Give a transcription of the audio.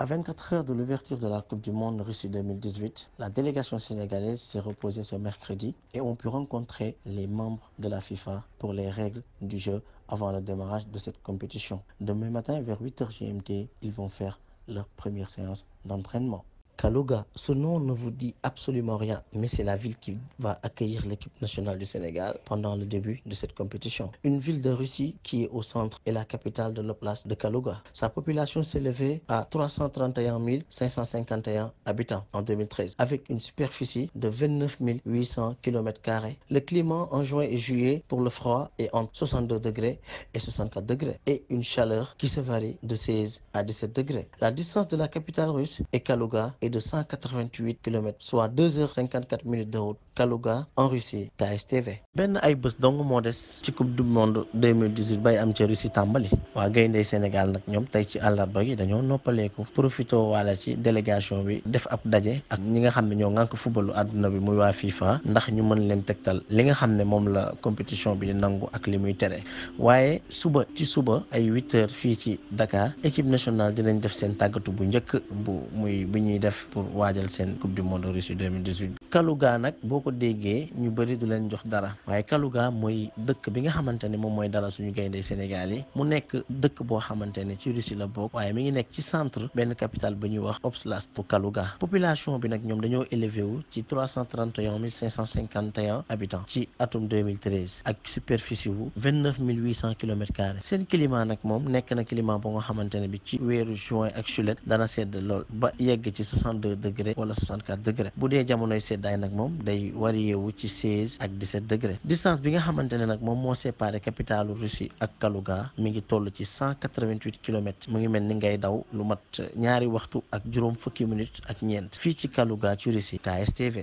À 24 heures de l'ouverture de la Coupe du Monde Russie 2018, ont pu rencontrer les la FIFA pour les règles du avant le démarrage de cette compétition. Demain matin, vers 8 heures GMT, ils vont faire leur première séance d'entraînement. Kaluga, ce nom ne vous dit absolument rien, mais c'est la ville qui va accueillir l'équipe nationale du le début de cette compétition. Une ville de Russie qui est au centre et la capitale de l'oblast de Kaluga. Sa population s'est élevée à 331 551 habitants en 2013, avec une superficie pour le froid est entre 62 degrés et 64 degrés et une chaleur qui de 16 à 17 degrés. La distance et de 188 kilomètres soit 2 heures 54 minutes de route Kaluga en Russie KSTV. benn ay bés dong moo des ci coupe du monde bay am ci Russie tàmbali waa gayndey Sénégal nag ñoom tey ci àllarba gi dañoo noppaleeku profité waala ci délégation bi def ab daje ak ñi nga xam ne ñoo ngànk fubalu àdduna bi muy waa FIFA ndax ñu mën leen tegtal li nga xam ne moom la compétition bi di nangu ak li muy tere waaye suba ci suba ay 8 heures fii ci Dakar équipe nationale dinañ def seen tàggatu bu njëkk bu muy bi ñuy def. def pour waajal seen coupe du monde Russie 2018 Kaluga nag boo ko déggee ñu bëri du leen jox dara waaye Kaluga mooy dëkk bi nga xamante ne moom mooy dara suñu gaynde Sénégal yi mu nekk dëkk boo xamante ne ci Russie la bokk waaye mi ngi nekk ci centre benn capitale ba ñuy wax Oblast bu Kaluga population bi nag ñoom dañoo élevé wu ci 331 551 habitants ci atum 2013 ak superficie wu 29 800 kilomètres carrés seen climat nag moom nekk na climat ba nga xamante ne bi ci weeru juin ak juillet dana sedd lool ba yegg ci soixante-deux degré wala soixante-quatre degré bu dee jamonoy seddaay nag moom day varié wu ci seize ak dix-sept degré distance bi nga xamante ne nag moom moo séparé capitalu Russie ak Kaluga mi ngi toll ci cent quatre-vingt-huit mu ngi mel ni ngay daw lu mat ñaari waxtu ak juróom fukki minutes ak ñeent fii ci Kaluga ci Russie KSTV